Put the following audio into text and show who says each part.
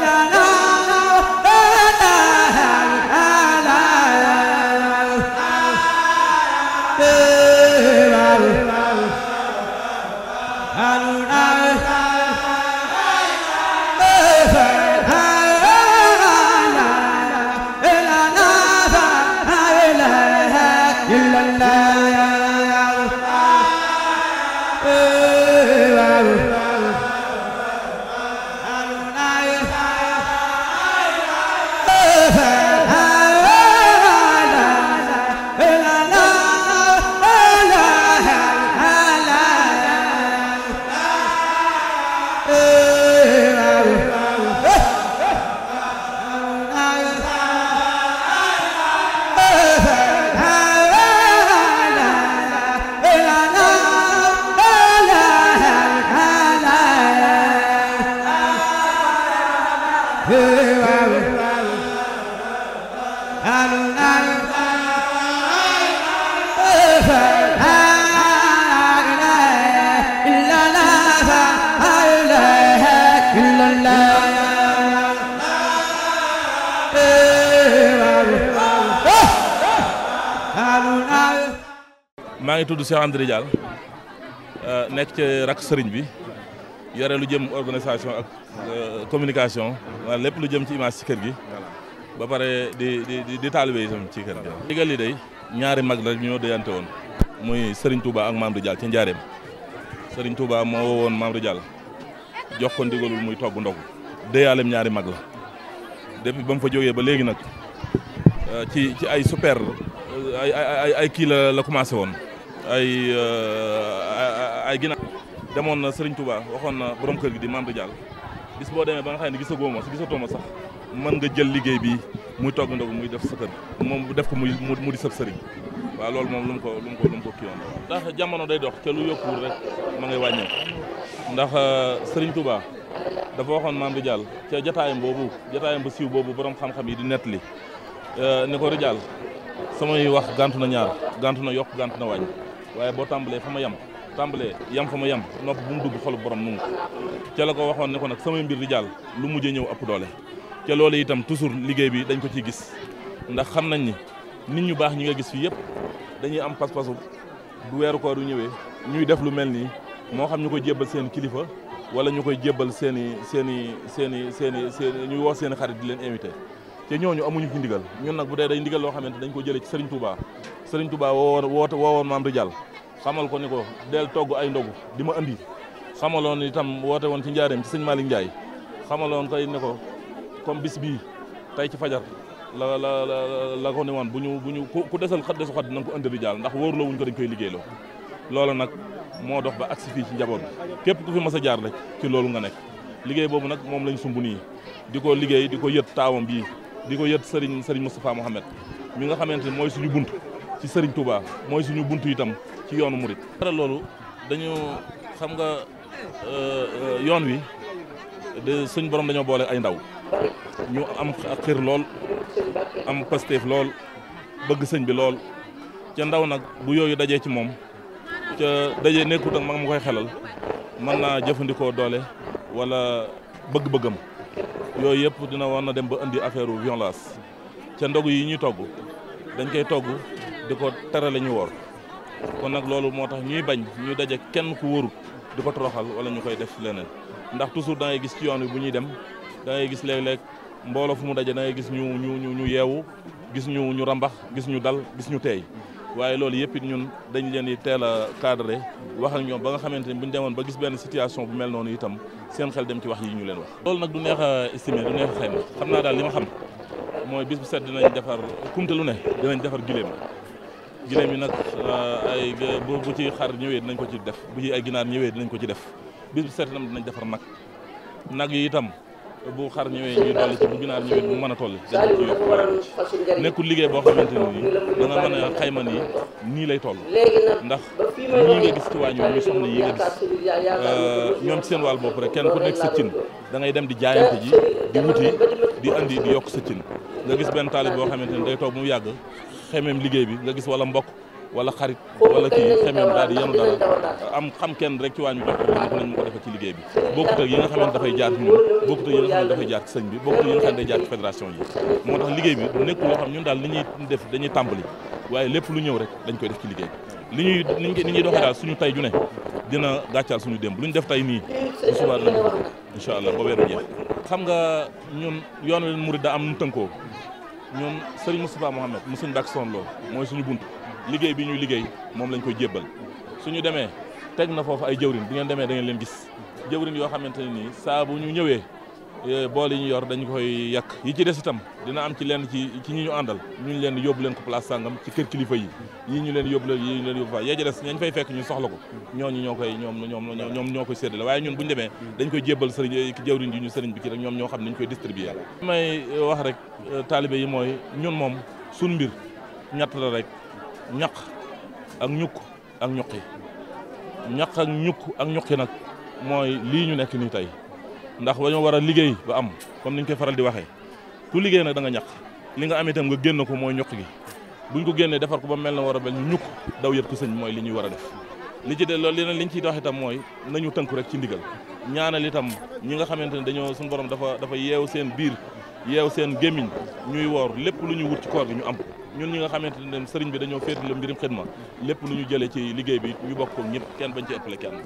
Speaker 1: la la maa
Speaker 2: ngi tudd Cheikh André Diall euh, nekk ci rakk sëriñ bi yore lu jëm organisation ak euh, communication lépp lu jëm ci image ci kër gi ba pare di di di taalibe itam ci kër gi. ndigal day ñaari mag la ñoo déyante woon muy sëriñ Touba ak Mamadou Diall ci njaareem sëriñ Touba moo woon Mamadou Diall jox ko ndigalul muy togg ndogu déyaalem ñaari mag la depuis ba fa jógee ba léegi nag euh, ci ci ay super ay ay ay kii la la commencé woon ay euh, ay ginnaaw. demoon na Serigne Touba waxoon na borom kër gi di Mamadou Diall bis boo demee ba nga xam ne gisagoo ma gisatoo ma sax. mën nga jël liggéey bi muy togg ndogu muy def sa moom bu def ko muy mu di sëb sëriñ waaw loolu moom lu mu ko lu mu ko lu mu ko kii woon ndax jamono day dox te lu yokkuwul rek ma ngay wàññeeku ndax euh, sëriñ tuba dafa waxoon maam jaal ca jataayam boobu jataayam bu siiw boobu borom xam-xam yi di nettali euh, ni ko Rijaal samay wax gantu na ñaar gantu na yokk gantu na wàññ waaye boo tàmbalee fa ma yem tàmbalee yam fa ma yem nopp bu mu dugg xolu borom nu ca la ko waxoon ne ko nag samay mbir Rijaal lu mujj ñëw ëpp doole ce loolu itam toujours liggéey bi dañ ko ci gis ndax xam nañ ni nit ñu baax ñu nga gis fii yëpp dañuy am pas-pasu bu weeru koor yu ñëwee ñuy def lu mel ni moo xam ñu ko jébbal seen kilifa wala ñu koy jébbal seen i seen i seen i seen i seen ñuy woo seen xarit di leen invité te ñooñu amuñu fi ndigal ñun nag bu dee day ndigal loo xamante dañ ko jëlee ci Serigne Touba Serigne Touba woo woote woowoon maam di jàll xamal ko ni ko del togg ay ndogu di ma andi xamaloon itam woote woon ci njaareem ci sëñ Malick Ndiaye xamaloon koy ne ko comme bis bii tey ci fajar la la la la ko ne woon bu ñu bu ñu ku desal xat desu xat na nga ko ëndi jaal ndax wóorloo wuñ ko dañ koy liggéeyloo loolu nag moo dox ba agsi fii ci njaboot bi képp ku fi mas a jaar rek ci loolu nga nekk liggéey boobu nag moom lañ sumb nii di ko liggéey di ko yët taawam bii di ko yët Serigne Serigne Moustapha Mohamed mi nga xamante ne mooy suñu bunt ci sëriñ Touba mooy suñu bunt itam ci yoonu murit dara loolu dañu xam nga euh, euh, yoon wi de suñ borom dañoo boole ay ñu am xir lool am pasteef lool bëgg sëñ bi lool ca ndaw nag bu yooyu dajee ci moom ca dajee nekkut ak ma mu koy xelal mën naa jëfandikoo doole wala bëgg-bëggam yooyu yëpp dina war na dem ba indi affaire violence ca ndog yi ñuy togg dañ koy togg di ko terale ñu wor kon nag loolu moo tax ñuy bañ ñuy daje kenn ku wóorut di ko toroxal wala ñu koy def leneen ndax toujours da ngay ci yoon wi bu ñuy dem da ngay gis léeg-léeg mbooloo fu mu daje da gis ñu ñu ñu ñu yeewu gis ñu ñu rambax gis ñu dal gis ñu teey waaye loolu yëpp ñun dañ leen di teel a cadré wax ak ñoom ba nga xamante ni bu ñu demoon ba gis benn situation bu mel noonu itam seen xel dem ci wax yi ñu leen wax. loolu nag du neex a xayma xam naa daal li ma xam mooy bis bu set dinañ defar kumte lu ne dinañ defar gileem gileem yi nag euh, ay bu ci xar ñëwee dinañ ko ci def bu ci ay ginaar ñëwee dinañ ko ci def bis bu set itam dinañ defar nag nag yi itam. bu xar ñëwee ñuy dolli ci bu ginaar ñëwee mu mën a toll dañ ci yokk ci liggéey boo xamante ne nii da nga mën a xayma ni nii lay toll ndax ñii nga gis ci waañu ñu soxna yi nga gis euh, ñoom ci seen wàll bopp rek kenn ku nekk sa cin da ngay dem di jaayante ji di wuti di andi di yokk sa cin nga gis benn taalib boo xamante ne day toog mu yàgg xemeem liggéey bi nga gis wala mbokk wala xarit wala kii xemeem daal di yenu am xam kenn rek ci waañ bi jox ci liggéey bi bokkut ak yi nga xamante dafay jaar ci ñun bokkut ak yi nga sëñ bi bokkut ak yi nga xamante day yi moo tax liggéey bi nekk loo xam ñun daal li ñuy def dañuy tàmbali waaye lépp lu ñëw rek dañ koy def ci liggéey bi li ñuy ni ñuy doxee daal suñu tay ju ne dina gàccaal suñu démb lu ñu def tay nii bu subaa dinañ ko incha allah ba weeru xam nga ñun yoon leen murid da am nu tënkoo ñun Serigne Moustapha Mohamed mu suñ dak son loo mooy suñu bunt liggéey bi ñu liggéey moom lañ koy jébbal suñu demee teg na foofu ay jëwrin bu ngeen demee da ngeen leen gis jëwrin yoo xamante ne nii saa bu ñu ñëwee eh, bool ñu yor dañ koy yàq yi ci des itam dina am ci leen ci ci ñi ñu àndal ñu leen yóbbu leen ko place sàngam ci kër kilifa yi yii ñu leen yóbbu yi ñu leen yóbbu fa yee ci des ñañ fekk ñu soxla ko ñooñu ñoo koy ñoom ñoom ñoom ñoo koy séddale waaye ñun bu ñu demee dañ koy jébbal sëriñ eh, jëwrin yi ñu sëriñ bi kii rek ñoom ñoo xam ne ñu koy distribuer may eh, wax rek taalibe yi mooy ñun moom suñ mbir ñett la rek ñaq ak ñukk ak ñuqi ñaq ak ñukk ak ñuqi nag mooy lii ñu nekk nii tey ndax dañoo war a liggéey ba am comme ni ñu faral di waxee ku liggéey nag da nga ñaq li nga am itam nga génn ko mooy ñuq gi buñ ku génnee defar ko ba mel na war a mel ñu ñukk daw yët ko sëñ mooy li ñuy war a def li ci de leneen li ñu ciy dox mooy nañu tënk rek ci ndigal ñaanal itam ñi nga xamante ne dañoo suñu dafa dafa yeew seen biir yeew seen gémmiñ ñuy woor lépp lu ñu wut ci koor gi ñu am ñun ñi nga xamante ne sëriñ bi dañoo féetlu la mbirim xidma lépp lu ñu jëlee ci liggéey bi ñu bokk ñëpp kenn bañ ci ëppale kenn